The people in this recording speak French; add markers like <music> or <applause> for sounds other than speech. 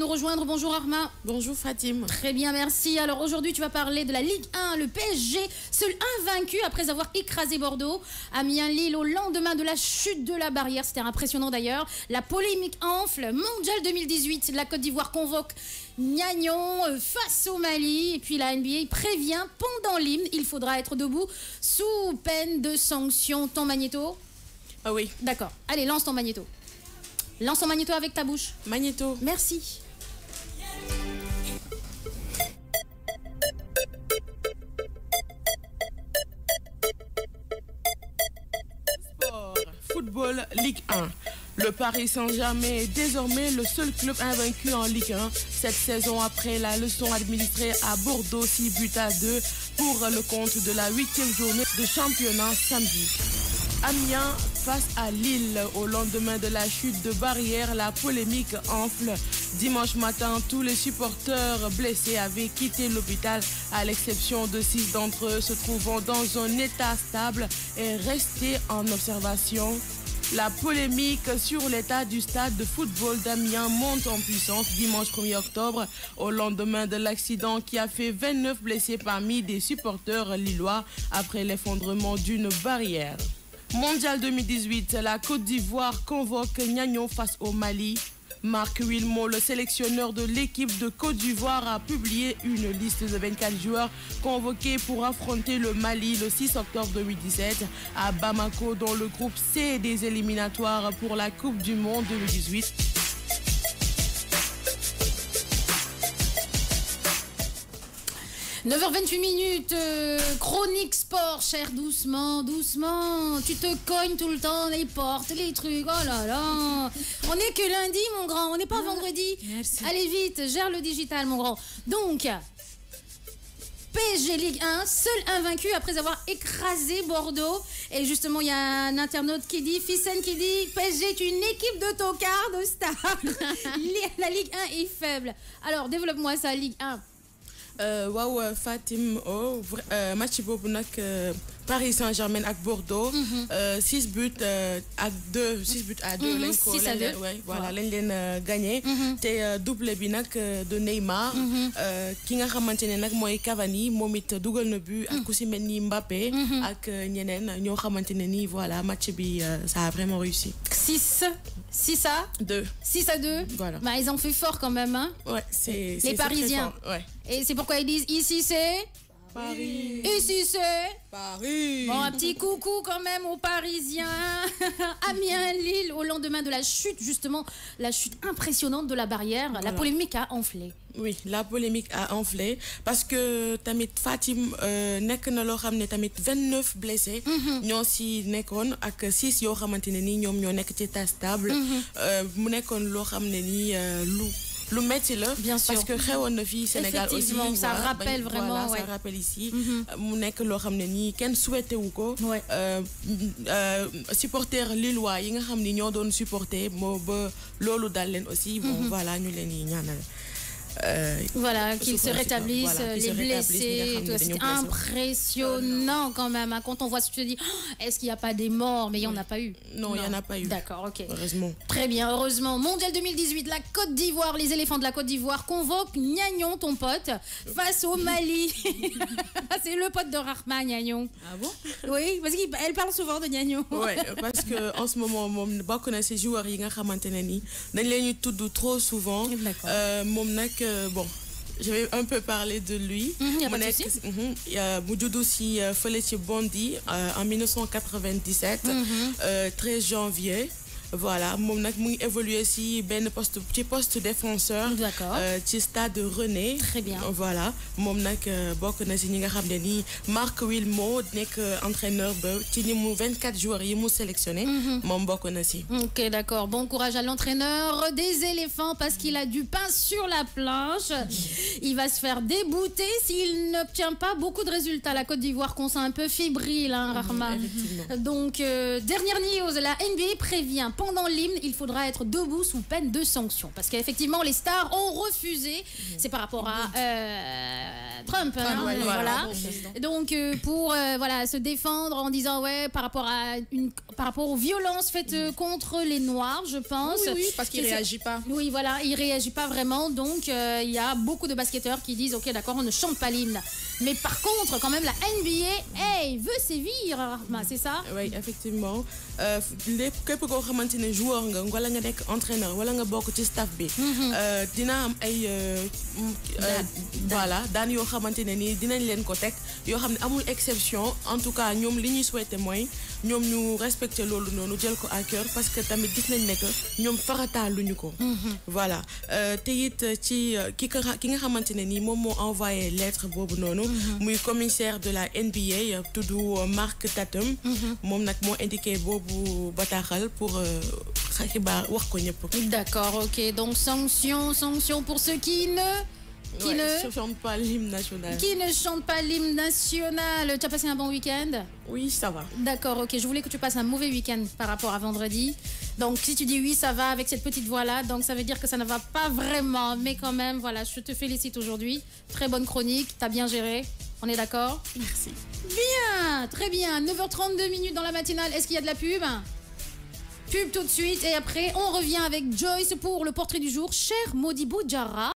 nous rejoindre. Bonjour Arma. Bonjour Fatim. Très bien, merci. Alors aujourd'hui, tu vas parler de la Ligue 1, le PSG, seul invaincu après avoir écrasé Bordeaux. Amiens-Lille au lendemain de la chute de la barrière. C'était impressionnant d'ailleurs. La polémique enfle. Mondial 2018, la Côte d'Ivoire convoque Gnagnon euh, face au Mali. Et puis la NBA prévient pendant l'hymne, il faudra être debout sous peine de sanction. Ton magnéto Ah oui. D'accord. Allez, lance ton magnéto. Lance ton magnéto avec ta bouche. Magnéto. Merci. Ligue 1. Le Paris Saint-Germain est désormais le seul club invaincu en Ligue 1 cette saison après la leçon administrée à Bordeaux 6 buts à 2 pour le compte de la huitième journée de championnat samedi. Amiens face à Lille. Au lendemain de la chute de Barrière, la polémique enfle. Dimanche matin, tous les supporters blessés avaient quitté l'hôpital, à l'exception de six d'entre eux se trouvant dans un état stable et restés en observation la polémique sur l'état du stade de football d'Amiens monte en puissance dimanche 1er octobre au lendemain de l'accident qui a fait 29 blessés parmi des supporters lillois après l'effondrement d'une barrière. Mondial 2018, la Côte d'Ivoire convoque Nyagnon face au Mali. Marc Wilmot, le sélectionneur de l'équipe de Côte d'Ivoire, a publié une liste de 24 joueurs convoqués pour affronter le Mali le 6 octobre 2017 à Bamako dans le groupe C des éliminatoires pour la Coupe du Monde 2018. 9h28 minutes, euh, chronique sport, cher, doucement, doucement. Tu te cognes tout le temps les portes, les trucs. Oh là là. On n'est que lundi, mon grand. On n'est pas ah, vendredi. Allez vite, gère le digital, mon grand. Donc, PSG Ligue 1, seul invaincu après avoir écrasé Bordeaux. Et justement, il y a un internaute qui dit, Fissen qui dit, PSG est une équipe de tocards, de stars. <laughs> La Ligue 1 est faible. Alors, développe-moi ça, Ligue 1. Euh, waaw euh, Fatim O oh, euh, match boobu nag Paris Saint-Germain ak Bordeaux. 6 mhm. buts à 2 6 buts à 2. lañ voilà lañ leen gagné. Mhm. te double bi de Neymar. Mhm. ki nga xamante ne nag mooy Cavani moom it dugal na but. ak si Mbappé. ak ñeneen ñoo xamante ne voilà match bi ça a vraiment réussi. 6 6 à 2. 6 à 2. voilà bah, ils ont fait fort quand même hein. ouais c'est les Parisiens ouais. Et c'est pourquoi ils disent ici c'est Paris. Ici c'est Paris. Bon, un petit coucou quand même aux Parisiens. <laughs> Amiens, Lille, au lendemain de la chute, justement, la chute impressionnante de la barrière. La polémique a enflé. Oui, la polémique a enflé parce que tamit Fatim euh, nek na lo xamné tamit 29 blessés. Mhm. ñoo si nekkoon ak six yo xamante ñom ñoo nek ci tas table. Mhm. Euh, mu lu métti bien sûr parce que xewoon ne fii Sénégal aussi. ça rappelle ben, vraiment voilà ça rappelle ici. Mon mhm. nekk loo xam ne nii souhaité wu ko. Euh, euh, supporter lillois yi nga xam ñoo supporter moo ba loolu dal leen aussi. bon mhm. voilà ñu leen yi ñaanal. Euh, voilà, qu'ils se rétablissent, les blessés. C'est impressionnant quand même. Hein. Quand on voit ce que tu dis, oh, est-ce qu'il n'y a pas des morts Mais il n'y en a pas eu. Non, il n'y en a pas eu. D'accord, ok. Heureusement. Très bien, heureusement. Mondial 2018, la Côte d'Ivoire, les éléphants de la Côte d'Ivoire convoquent Gnagnon, ton pote, face au Mali. <laughs> C'est le pote de Rahma, Gnagnon. Ah bon Oui, parce qu'elle parle souvent de Gnagnon. oui, <laughs> parce qu'en ce moment, je connais ces joueurs, ils sont trop souvent. D'accord. Euh, bon je vais un peu parler de lui. Il mhm, il a mhm, a si euh, fële Bondi euh, en 1997. 13 mhm. euh, janvier voilà mon évolué évolué ben poste poste défenseur. d'accord euh, ci stade René. très bien voilà monak beaucoup de na Marc Wilmo euh, entraîneur 24 joueurs yi mou sélectionné. Mhm. mon bok ok d'accord bon courage à l'entraîneur des éléphants parce qu'il a du pain sur la planche il va se faire débouter s'il n'obtient pas beaucoup de résultats. La Côte d'Ivoire qu'on sent un peu fébrile, hein, Rahma. Donc, euh, dernière news, la NBA prévient, pendant l'hymne, il faudra être debout sous peine de sanction. Parce qu'effectivement, les stars ont refusé. C'est par rapport à euh, Trump. Hein, Donc, euh, pour voilà, se défendre en disant, ouais, par rapport, à une, par rapport aux violences faites contre les Noirs, je pense. Oui, parce qu'il réagit pas. Oui, voilà, il réagit pas vraiment. Donc, il y a beaucoup de qui disent, ok, d'accord, on ne chante pas l'hymne. Mais par contre, quand même, la NBA, hey, veut sévir, bah, c'est ça Oui, effectivement. Euh, les képp koo xamante un joueur nga wala nga entraîneur wala nga bokk ci staff bi. Mhm. Euh, dina am euh, voilà daniel a xamante ne nii dinañ leen ko y yoo une exception en tout cas nous li ñuy souhaité nous respectons nous respecter loolu ko à cœur parce que tamit gis nañ nek que sommes luñu ko. Mhm. voilà te it ci ki je ni moom moo lettre boobu noonu. Mhm. muy commissaire de la NBA tudd Marc Tatum. Mhm. moom nag moo indiqué boobu bataaxal pour euh, xibaar wax ko ñëpp. d'accord ok donc sanction sanction pour ceux qui ne qui, ne... Chante pas l'hymne national. qui ne chante pas l'hymne national. Tu as passé un bon week-end Oui, ça va. D'accord, ok. Je voulais que tu passes un mauvais week-end par rapport à vendredi. Donc, si tu dis oui, ça va avec cette petite voix-là, donc ça veut dire que ça ne va pas vraiment. Mais quand même, voilà, je te félicite aujourd'hui. Très bonne chronique, t'as bien géré. On est d'accord Merci. Bien, très bien. 9h32 minutes dans la matinale. Est-ce qu'il y a de la pub Pub tout de suite et après on revient avec Joyce pour le portrait du jour. Cher Modibo Jara.